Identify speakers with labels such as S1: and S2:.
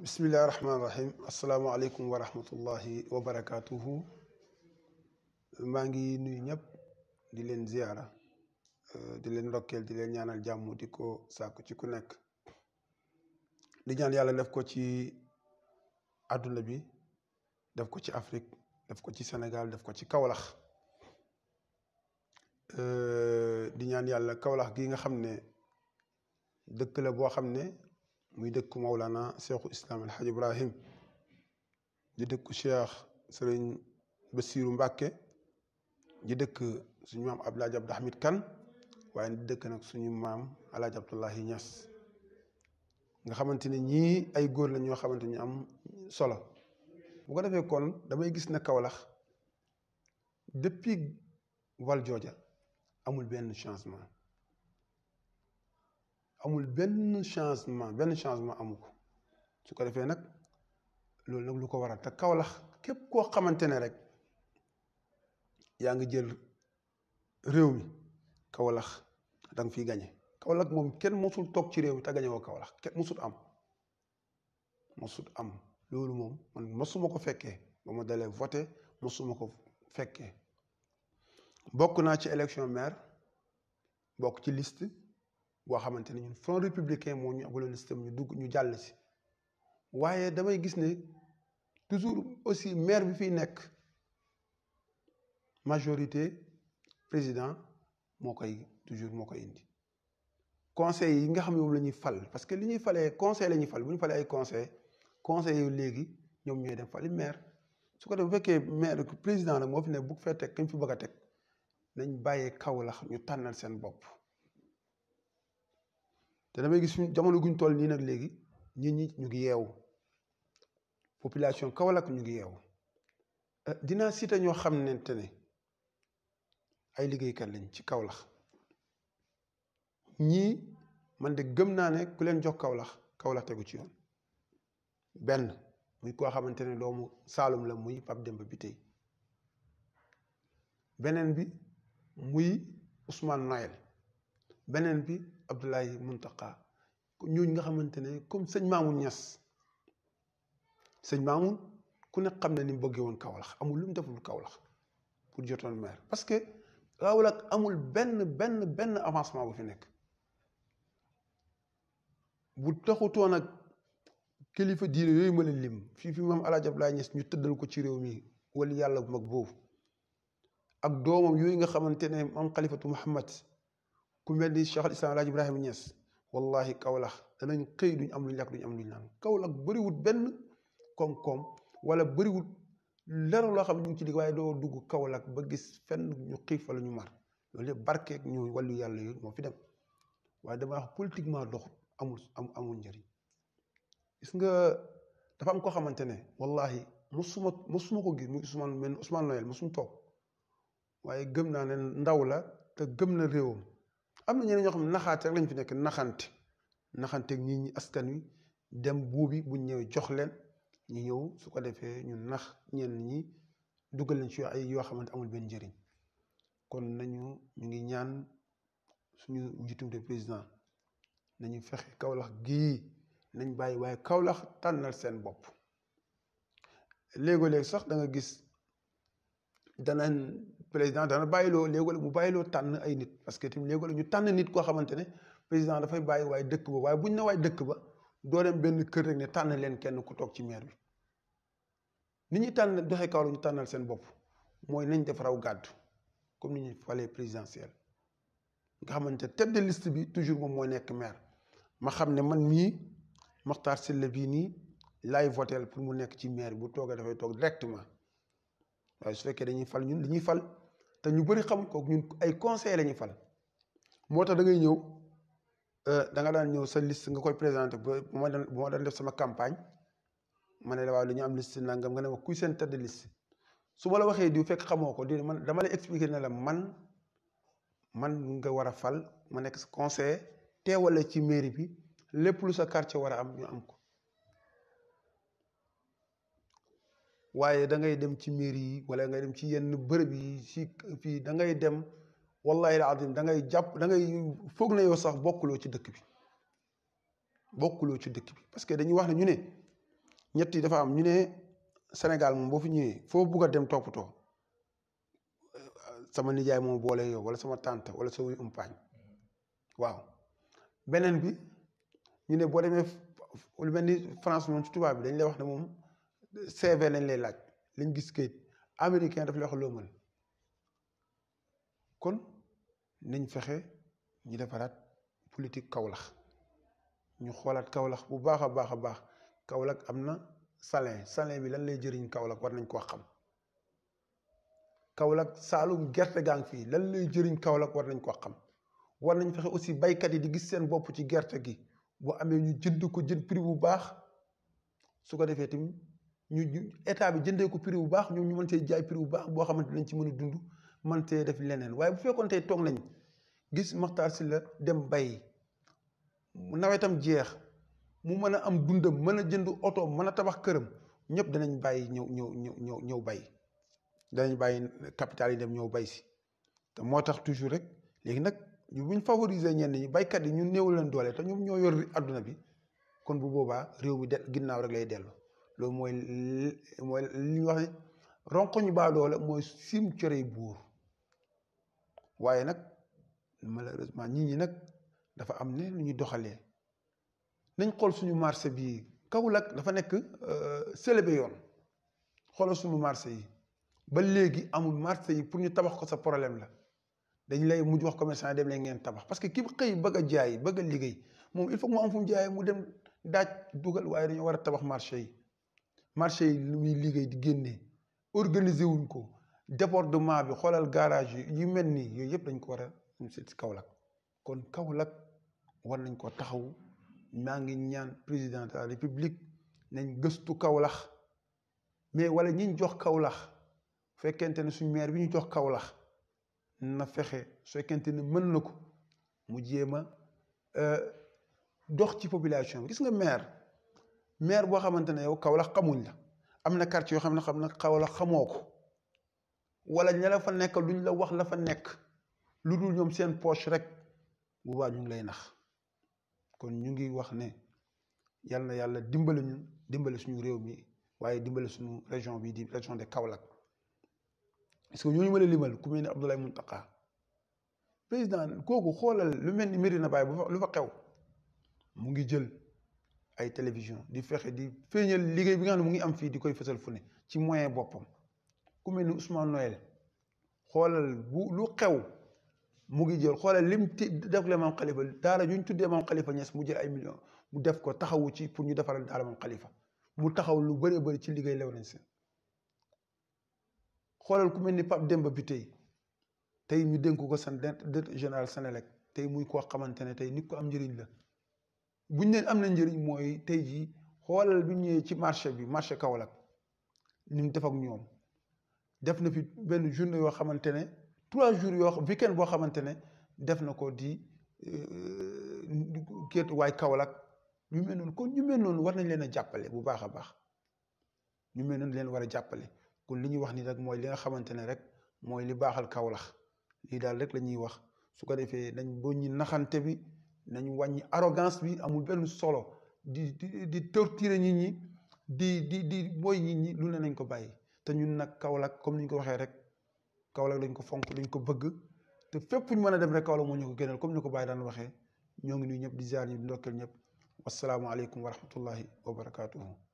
S1: bismillahi rahmaani rahim asalaamaaleykum wa rahmatullahi wa maa ngi nuyu ñëpp di leen ziyaara euh, di leen ndokkeel di leen ñaanal jàmm di ko sàkku ci ku nekk di ñaan yàlla def ko ci àdduna bi def ko ci Afrique def ko ci senegal def ko ci Kawlax euh, di ñaan yàlla Kawlax gii nga xam ne dëkk la boo xam ne muy dëkku Mawlana Cheikhul Islam El Hadj Ibrahim di dëkku Cheikh Sëriñ Bassirou Mbacke di dëkk suñu maam Abdoulaye Abdou Hamid kan waaye dëkk nag suñu maam El Hadj nga xamante ne ñii ay góor la ñoo xamante ñu am solo bu ko defee kon damay gis na Kaolack depuis wal jooja amul benn chancement amul benn changement benn changement amu ko su ko defee nag loolu nag lu ko waral te kawlax képp koo xamante ne rek yaa ngi jël réew mi Kaolack da fii fiy gañe Kaolack moom kenn mosul toog ci réew mi te gañe woo Kaolack kenn mosul am mosul am loolu moom man mosuma ko fekkee ba ma dalee voté mosuma ko fekkee bokk naa ci élection maire bokk ci list boo xamante ne ñun front républicain moo ñu abaloon système ñu dugg ñu jàll si waaye damay gis ne toujours aussi maire bi fiy nekk majorité président moo koy toujours moo koy indi conseil yi nga xam ne moom la ñuy fal parce que li ñuy falee conseil la ñuy fal bu ñu falee ay conseil conseil yu léegi ñoom ñooy dem fali maire su ko defee bu fekkee maire président nag moo fi ne bu fee teg kañ fi bëgg teg nañ bàyyee kaw la ñu tànnal seen bopp te damay gis jamono guñ tool nii nag léegi nit ñi ñu ngi yeewu population Kaolack ñu ngi yeewu eh, dinaa cité ñoo xamante ne ay liggéeykan lañ ci kawlax ñii man de gëm naa ne ku leen jox Kaolack Kaolack tegu ci yoon benn muy koo xamante ne doomu Saalum la muy Pape Demba bi tey beneen bi muy Ousmane Noël beneen bi Abdoulaye ñu ñooñu nga xamante ne comme sëñ Mamoun Niass sëñ Mamoun ku nekk xam na ni bëggee woon Kaolack amul lu mu deful Kaolack pour jotoon maire parce que Kaolack amul benn benn benn avancement bu fi nekk bu taxutoon ak kilifa diine yooyu ma la lim fii fi maam El Hadj Abdoulaye ñu tëddal ko ci réew mi wala yàlla bu mag boobu ak doomam yooyu nga xamante ne maam xalifatu Muhammad ku mel ni Cheikh al Islam El Hadj Ibrahima Niass wallahi Kaolack danañ xëy duñ am luñ lekk duñ am luñ naan Kaolack bëriwut benn koom wala bëriwut leneen loo xam ne ñu ngi ci digg waaye doo dugg Kaolack ba gis fenn ñu xiif wala ñu mar loolu yëpp ñu wàllu yàlla yooyu moo fi dem waaye dama wax politiquement doxul amul am amul njariñ gis nga dafa am koo xamante ne wallahi mosuma mosuma ko gis mu Ousmane mel Ousmane Noël mosum toog waaye gëm naa ne ndaw la te gëm na réewam. am na ñeneen ñoo xam ne lañu rek fi nekk naxant naxanteeg nit ñi askan wi dem buubi buñ ñëwee jox leen ñu ñëw su ko defee ñu nax ñenn ñi dugal leen ci ay yoo xamante amul benn njariñ kon nañu ñu ngi ñaan suñu njiitum de président nañu fexe Kaolack gii nañ bàyyi waaye Kaolack tànnal seen bopp léegoo léeg sax danga gis danañ président dana bàyyiloo léegole mu bàyyiloo tànn ay nit parce que tamit léegole ñu tànn nit koo xamante ne président dafay bàyyi waaye dëkk ba waaye buñ ne waay dëkk ba doo dem benn kër rek ne tànn leen kenn ku toog ci maire bi ni ñuy tànn doxe kaw tànnal seen bopp mooy nañ def raw gàddu comme ni ñuy falee présidentielle nga xamante tête de liste bi toujours moom moo nekk maire ma xam ne man mii Makhtar Sylla bii nii laay votel pour mu nekk ci maire bu toogee dafay toog directement waaye su fekkee dañuy fal ñun dañuy fal te ñu bëri xamul ko ñun ay conseil la ñu fal moo tax da ngay ñëw euh, da nga daan ñëw sa liste nga koy présenté ba bu ma daan bu ma def sama campagne ma ne la waaw li ñu am liste nangam nga ne wax kuy seen tête de su ma la waxee diw fekk xamoo ko di man dama lay expliquer ne la man man nga war a fal ma nekk sa conseiller teewale ci mairie bi lépp lu sa quartier war a am ñu am ko waaye da ngay dem ci mairie yi wala ngay dem ci yenn bërëb yi ci fii da ngay dem wallahi alazim da ngay jàpp da ngay foog na yow sax bokkuloo ci dëkk bi bokkuloo ci dëkk bi parce que dañuy wax na ñu ne ñett dafa am ñu ne Sénégal moom boo fi ñëwee foo bugg a dem toppatoo sama nijaay moom boole yow wala sama tante wala sa wuy umpaañ waaw beneen bi ñu ne boo demee lu mel France moom ci tubaab bi dañ lay wax ne moom CV lañ lay laaj lañ gis kayit américain def lay wax loo mën kon nañ fexe ñu defaraat politique Kaolack ñu xoolaat kawlax bu baax a baax a baax Kaolack am na salin salin bi lan lay jëriñ Kaolack war nañ koo xam Kaolack saalum gerte gaa ngi fii lan lay jëriñ Kaolack war nañ koo xam war nañ fexe aussi baykat yi di gis seen bopp ci gerte gi bu amee ñu jënd ko jënd prix bu baax su ko defee tamit ñu état bi jëndee ko prix bu baax ñoom ñu mën cee jaay prix bu baax boo xamante nañ ci mën a dund man cee def leneen waaye bu fekkoon tey toog nañ gis si la dem bay nawetam jeex mu mën a am dundam mën a jënd oto mën a tabax këram ñëpp danañ bàyyi ñëw ñëw ñëw ñëw ñëw bay danañ bàyyi capital yi dem ñëw bay si te moo tax toujours rek léegi nag ñu buñ favoriser ñenn ñi baykat yi ñu néew leen doole te ñoom ñoo yor àdduna bi kon bu boobaa réew mi de ginnaaw rek lay dellu loolu mooy mooy li ñu wax ronkoñu baa doole mooy buur waaye nag malheureusement nit ñi nag dafa am ne lu ñu doxalee nañ xool suñu marché bii Kaolack dafa nekk euh, célébé yoon xoolal suñu marché yi ba léegi amul marché yi pour ñu tabax ko sa problème la dañ lay mujj wax commerçant ngeen tabax parce que ki xëy jaay bëgg a liggéey il faut que mu am fu mu jaayee mu dem daaj dugal waaye dañoo war a tabax marché yi marché yi lu muy liggéey di génnee organiser wuñ ko débordement bi xoolal garage yi mel nii yooyu yëpp dañ ko war a si Kaolack kon Kaolack war nañ ko taxaw maa ngi ñaan président de la république nañ gëstu kawlax mais wala ñi jox Kaolack fekkente ne suñ maire bi ñu jox Kaolack na fexe su fekkente ne mën na ko mu jéem a euh, dox ci population bi gis nga maire. maire boo xamante ne yow Kaolack xamuñ la am na quartier yoo xam ne xam na la xamoo ko wala ña la fa nekk luñ la wax la fa nekk lu dul ñoom seen poche rek bu baax ñu ngi lay nax kon ñu ngi wax ne yal na yàlla dimbali ñun dimbali suñu réew mi waaye dimbali suñu région bi di région de Kaolack parce que ñooñu mën a limal ku mel ni Abdoulaye Mountakha président kooku xoolal lu mel ni Médina Baye bu fa lu fa xew mu ngi jël. ay télévision di fexe di feeñal liggéey bi nga xam ne mu ngi am fii di koy fësal fu ne ci moyen boppam ku mel ni Ousmane Noël xoolal bu lu xew mu ngi jël xoolal lim ti def le maam Khalifa daara ñu tuddee maam Khalifa Niass mu jël ay million mu def ko taxawu ci pour ñu defaral daara maam Khalifa mu taxaw lu bëree bëri ci liggéey lew nañ seen xoolal ku mel ni Pape Demba bi tey tey ñu dénk ko san directeur général Sénélec tey muy koo xamante ne tey nit ko am njëriñ la bu ñu leen am na njëriñ mooy tey jii xoolal bi ñëwee ci marché bi marché Kaolack ni mu def ñoom def na fi benn journée yoo xamante ne trois jours yoo xam weekend boo xamante ne def na ko di euh, kéet waay Kaolack ñu mel noonu kon ñu mel noonu war nañ leen a jàppale bu baax a baax ñu mel noonu leen war a jàppale kon li ñuy wax nii rek mooy li nga xamante ne rek mooy li baaxal Kaolack lii daal rek la wax su ko defee dañ boo ñu naxante bi nañ wàññi arrogance bi amul benn solo di di di torturer nit ñi di di di booy nit ñi lu ne nañ ko bàyyi te ñun nag Kaolack comme ni ñu ko waxee rek Kaolack lañ ko fonk lañ ko bëgg te fépp ñu mën a dem rek Kaolack moo ñu ko gënal comme ni ko Baye daan waxee ñoo ngi nuyu ñëpp di ziar ñi di ndokkeel ñëpp wasalaamualeykum wa rahmatullahi wa barakaatuhu